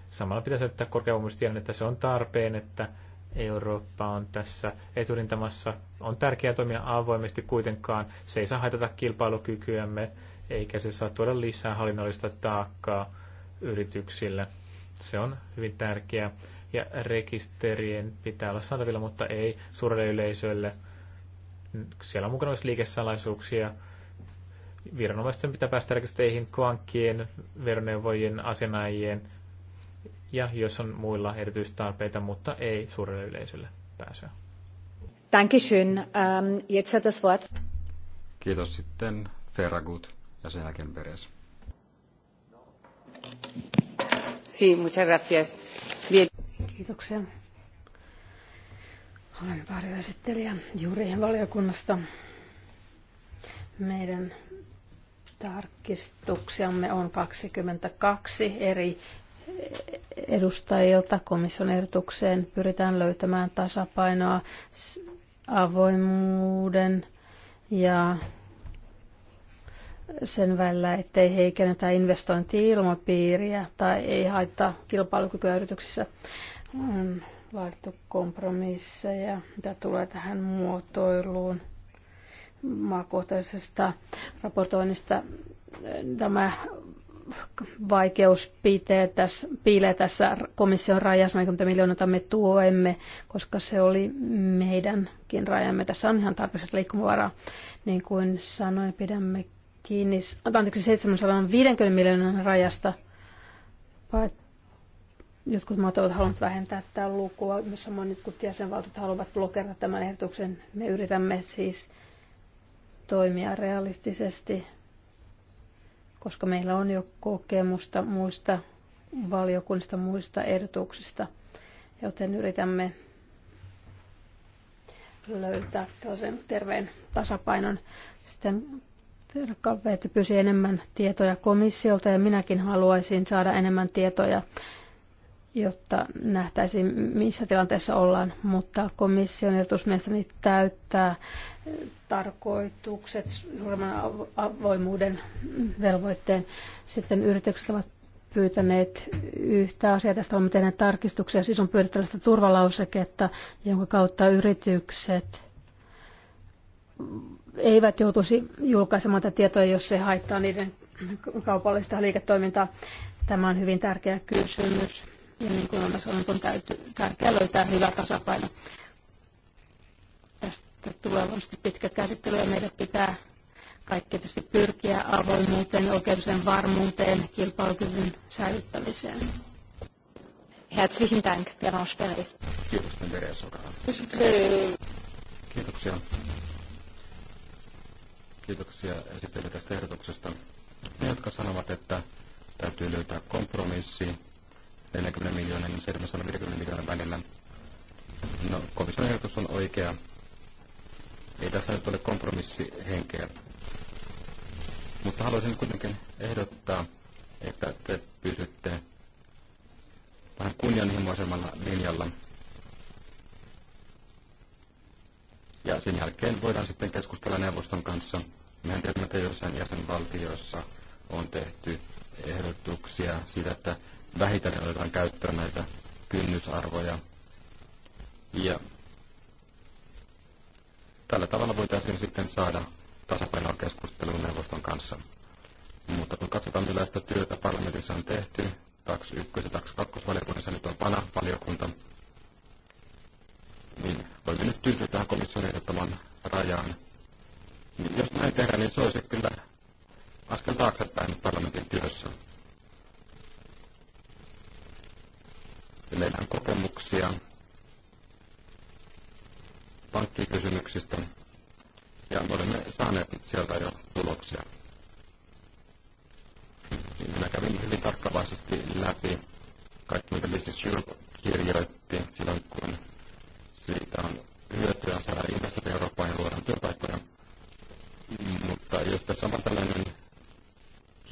Samalla pitää säilyttää korkeavoimistiedon, että se on tarpeen, että Eurooppa on tässä eturintamassa. On tärkeää toimia avoimesti kuitenkaan. Se ei saa haitata kilpailukykyämme, eikä se saa tuoda lisää hallinnollista taakkaa yrityksille. Se on hyvin tärkeää. Ja rekisterien pitää olla saatavilla, mutta ei suurelle yleisölle. Siellä on mukana myös liikesalaisuuksia. Viranomaisten pitää päästä rekistereihin kvankkien, veroneuvojien, asianajien ja jos on muilla erityistarpeita, mutta ei suurelle yleisölle pääsyä. Dankeschön. Ähm, jetzt hat das Wort. Kiitos sitten Ferragut ja sen jälkeen Beres. Kiitoksia. Olen varjoesittelijä juurien valiokunnasta. Meidän tarkistuksiamme on 22 eri edustajilta komission ehdotukseen. Pyritään löytämään tasapainoa avoimuuden ja sen välillä, ettei heikennetä investointi-ilmapiiriä tai ei haittaa kilpailukykyä yrityksissä. On laadittu kompromisseja, mitä tulee tähän muotoiluun maakohtaisesta raportoinnista. Tämä vaikeus tässä, piilee tässä komission rajassa 40 miljoonaa me tuemme, koska se oli meidänkin rajamme. Tässä on ihan tarpeeksi liikkumavaraa. Niin kuin sanoin, pidämme kiinni, anteeksi, 750 miljoonan rajasta. Jotkut maat ovat halunneet vähentää tätä lukua, myös samoin jotkut jäsenvaltiot haluavat blokerata tämän ehdotuksen. Me yritämme siis toimia realistisesti, koska meillä on jo kokemusta muista valiokunnista, muista ehdotuksista, joten yritämme löytää tällaisen terveen tasapainon. Sitten että pyysi enemmän tietoja komissiolta ja minäkin haluaisin saada enemmän tietoja, jotta nähtäisiin, missä tilanteessa ollaan. Mutta komission ehdotus mielestäni täyttää tarkoitukset suuremman avoimuuden velvoitteen. Sitten yritykset ovat pyytäneet yhtä asiaa. Tästä olemme tehneet tarkistuksia. Siis on pyydetty tällaista turvalauseketta, jonka kautta yritykset eivät joutuisi julkaisemaan tätä tietoa, jos se haittaa niiden kaupallista liiketoimintaa. Tämä on hyvin tärkeä kysymys. Ja niin kuin olen sanonut, on täytyy, tärkeää löytää hyvä tasapaino. Tästä tulee varmasti pitkä käsittely ja meidän pitää kaikki tietysti pyrkiä avoimuuteen, oikeuden varmuuteen, kilpailukyvyn säilyttämiseen. Herzlichen Dank, Pervenche Perez. Kiitos, Andreas Kiitoksia. Kiitoksia esittely tästä ehdotuksesta. Ne, jotka sanovat, että täytyy löytää kompromissi 40 miljoonan ja 750 miljoonan välillä. No, komission ehdotus on oikea. Ei tässä nyt ole kompromissihenkeä. Mutta haluaisin kuitenkin ehdottaa, että te pysytte vähän kunnianhimoisemmalla linjalla – Ja sen jälkeen voidaan sitten keskustella neuvoston kanssa. Mehän tiedämme, että joissain jäsenvaltioissa on tehty ehdotuksia siitä, että vähitellen otetaan käyttöön näitä kynnysarvoja. Ja tällä tavalla voitaisiin sitten saada tasapainoa keskustelun neuvoston kanssa. Mutta kun katsotaan, millaista työtä parlamentissa on tehty, TAX 1 ja TAX 2 valiokunnassa nyt on PANA-valiokunta, niin voimme nyt tyytyä tähän komission ehdottamaan rajaan. Niin jos näin tehdään, niin se olisi kyllä askel taaksepäin parlamentin työssä. Ja meillä on kokemuksia pankkikysymyksistä, ja me olemme saaneet sieltä jo tuloksia. Niin, minä kävin hyvin tarkkavaisesti läpi kaikki, mitä Business Europe kirjoitti silloin, kun siitä on hyötyä saada investoida Eurooppaan ja luodaan työpaikkoja. Mutta jos tässä on tällainen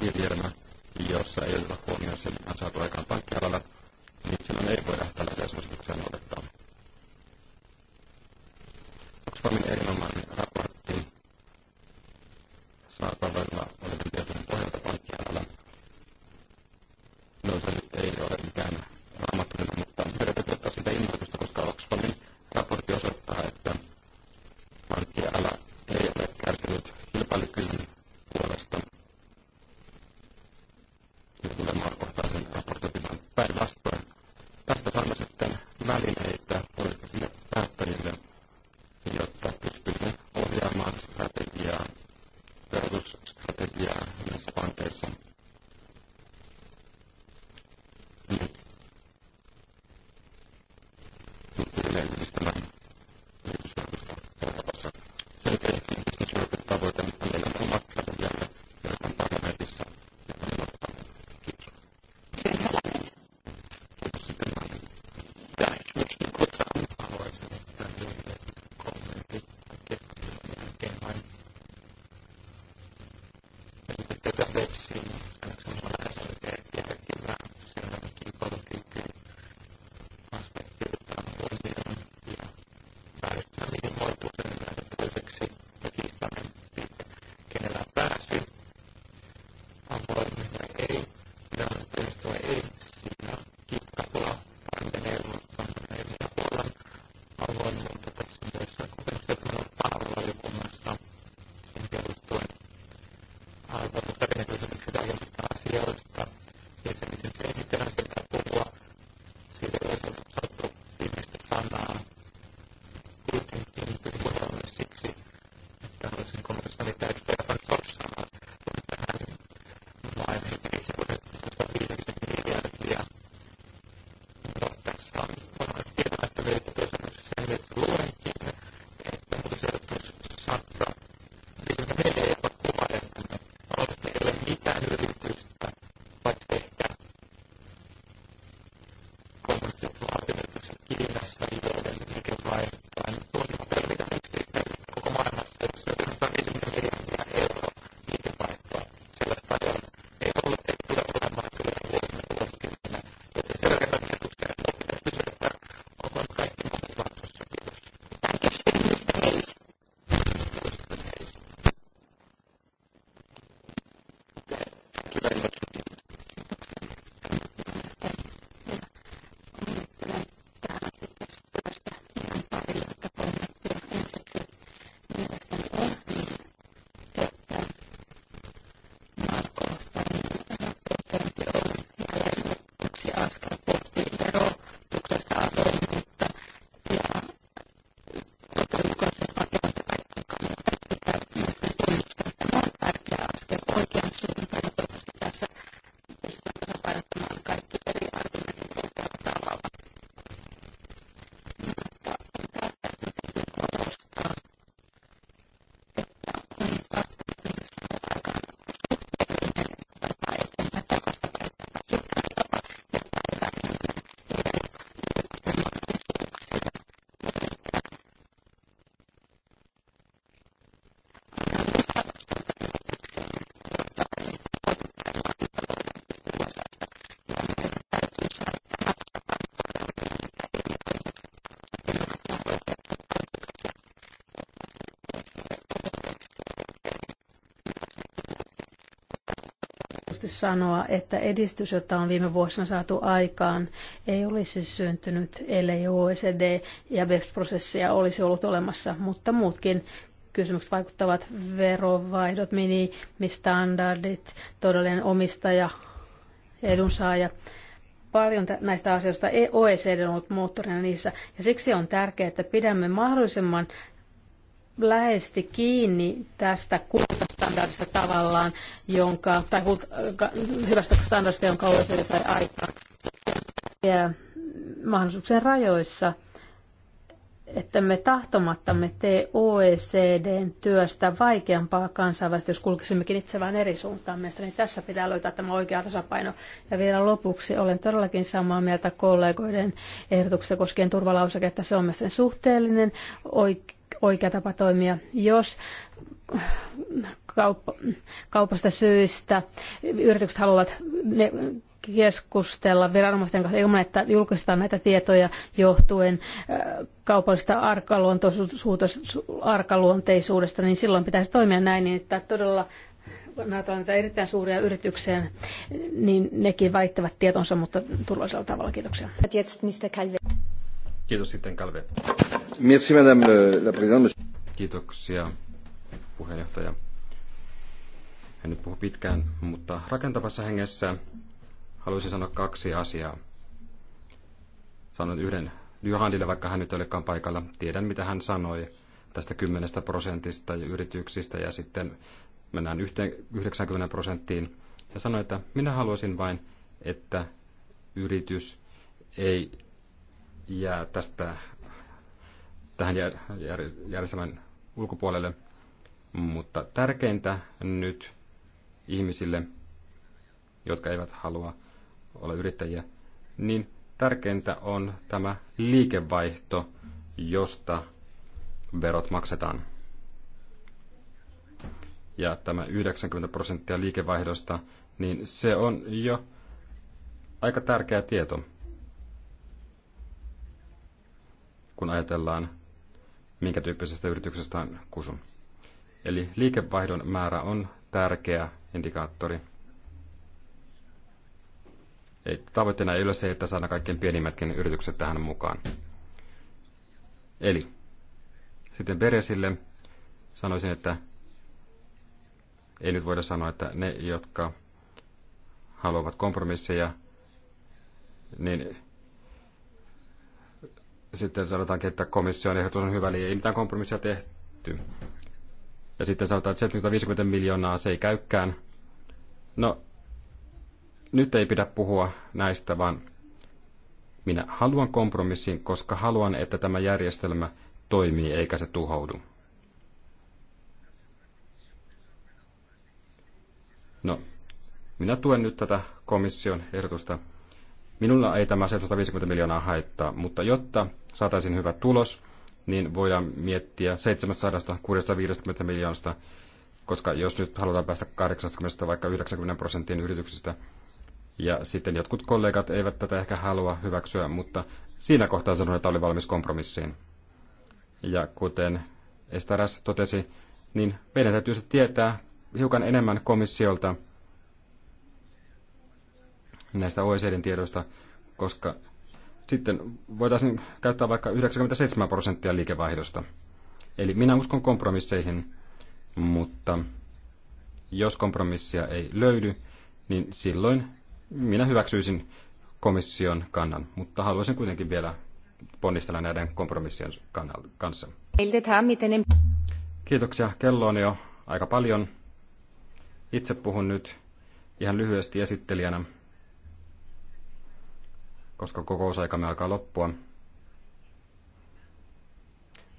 kirjelmä, jossa ei oteta huomioon sen, mitä on saatu aikaan pankkialalla, niin silloin ei voida rehellisesti sanoa, että edistys, jota on viime vuosina saatu aikaan, ei olisi syntynyt, ellei OECD ja BEPS-prosessia olisi ollut olemassa, mutta muutkin kysymykset vaikuttavat verovaihdot, minimistandardit, todellinen omistaja, edunsaaja. Paljon näistä asioista OECD on ollut moottorina niissä, ja siksi on tärkeää, että pidämme mahdollisimman läheisesti kiinni tästä standardista tavallaan, jonka, tai hyvästä standardista, jonka OECD sai aikaa. Ja mahdollisuuksien rajoissa, että me tahtomattamme tee OECDn työstä vaikeampaa kansainvälistä, jos kulkisimmekin itse vain eri suuntaan mielestäni. Niin tässä pitää löytää tämä oikea tasapaino. Ja vielä lopuksi olen todellakin samaa mieltä kollegoiden ehdotuksesta koskien että Se on mielestäni suhteellinen, oikea tapa toimia. Jos kaupasta syistä yritykset haluavat ne keskustella viranomaisten kanssa ilman, että julkistetaan näitä tietoja johtuen äh, kaupallisesta arkaluonteisuudesta, niin silloin pitäisi toimia näin, niin että todella ajatellaan näitä erittäin suuria yrityksiä, niin nekin väittävät tietonsa, mutta turvallisella tavalla. Kiitoksia. Kiitos sitten Kalve. Kiitoksia puheenjohtaja. En nyt puhu pitkään, mutta rakentavassa hengessä haluaisin sanoa kaksi asiaa. Sanon yhden Johandille, vaikka hän nyt olikaan paikalla. Tiedän, mitä hän sanoi tästä 10 prosentista ja yrityksistä ja sitten mennään 90 prosenttiin. Ja sanoi, että minä haluaisin vain, että yritys ei jää tästä tähän järjestelmän ulkopuolelle. Mutta tärkeintä nyt ihmisille, jotka eivät halua olla yrittäjiä, niin tärkeintä on tämä liikevaihto, josta verot maksetaan. Ja tämä 90 prosenttia liikevaihdosta, niin se on jo aika tärkeä tieto, kun ajatellaan, minkä tyyppisestä yrityksestä on kusun. Eli liikevaihdon määrä on tärkeä indikaattori. Ei, tavoitteena ei ole se, että saadaan kaikkein pienimmätkin yritykset tähän mukaan. Eli sitten Beresille sanoisin, että ei nyt voida sanoa, että ne, jotka haluavat kompromisseja, niin sitten sanotaankin, että komission ehdotus on hyvä, eli ei mitään kompromissia tehty ja sitten sanotaan, että 750 miljoonaa se ei käykään. No, nyt ei pidä puhua näistä, vaan minä haluan kompromissin, koska haluan, että tämä järjestelmä toimii eikä se tuhoudu. No, minä tuen nyt tätä komission ehdotusta. Minulla ei tämä 750 miljoonaa haittaa, mutta jotta saataisiin hyvä tulos, niin voidaan miettiä 700-650 miljoonasta, koska jos nyt halutaan päästä 80 vaikka 90 prosentin yrityksistä, ja sitten jotkut kollegat eivät tätä ehkä halua hyväksyä, mutta siinä kohtaa sanoin, että oli valmis kompromissiin. Ja kuten Estaras totesi, niin meidän täytyy se tietää hiukan enemmän komissiolta näistä OECDn tiedoista, koska sitten voitaisiin käyttää vaikka 97 prosenttia liikevaihdosta. Eli minä uskon kompromisseihin, mutta jos kompromissia ei löydy, niin silloin minä hyväksyisin komission kannan, mutta haluaisin kuitenkin vielä ponnistella näiden kompromissien kanssa. Kiitoksia. Kello on jo aika paljon. Itse puhun nyt ihan lyhyesti esittelijänä koska osaikamme alkaa loppua.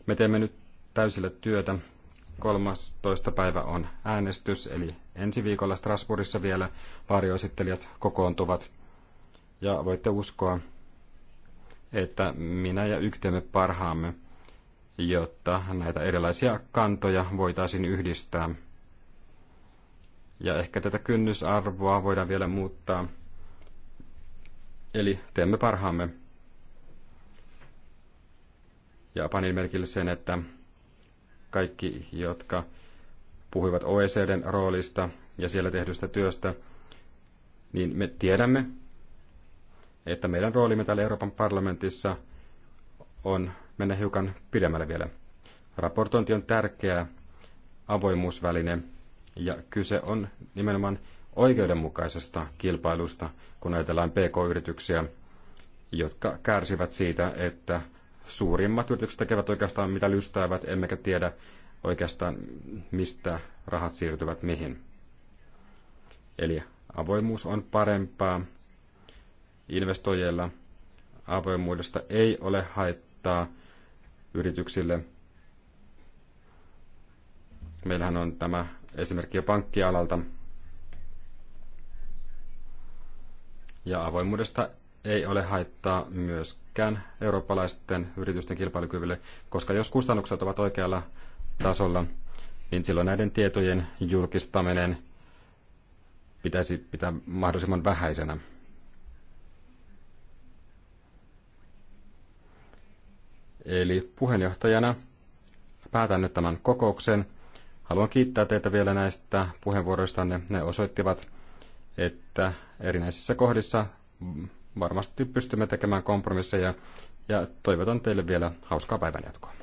Me teemme nyt täysillä työtä. 13. päivä on äänestys, eli ensi viikolla Strasbourgissa vielä varjoesittelijät kokoontuvat. Ja voitte uskoa, että minä ja yhteemme parhaamme, jotta näitä erilaisia kantoja voitaisiin yhdistää. Ja ehkä tätä kynnysarvoa voidaan vielä muuttaa Eli teemme parhaamme. Ja panin merkille sen, että kaikki, jotka puhuivat OECDn roolista ja siellä tehdystä työstä, niin me tiedämme, että meidän roolimme täällä Euroopan parlamentissa on mennä hiukan pidemmälle vielä. Raportointi on tärkeä avoimuusväline ja kyse on nimenomaan oikeudenmukaisesta kilpailusta, kun ajatellaan pk-yrityksiä, jotka kärsivät siitä, että suurimmat yritykset tekevät oikeastaan mitä lystäävät, emmekä tiedä oikeastaan mistä rahat siirtyvät mihin. Eli avoimuus on parempaa investoijilla. Avoimuudesta ei ole haittaa yrityksille. Meillähän on tämä esimerkki jo pankkialalta, Ja avoimuudesta ei ole haittaa myöskään eurooppalaisten yritysten kilpailukyvylle, koska jos kustannukset ovat oikealla tasolla, niin silloin näiden tietojen julkistaminen pitäisi pitää mahdollisimman vähäisenä. Eli puheenjohtajana päätän nyt tämän kokouksen. Haluan kiittää teitä vielä näistä puheenvuoroistanne. Ne osoittivat, että erinäisissä kohdissa varmasti pystymme tekemään kompromisseja ja toivotan teille vielä hauskaa päivänjatkoa.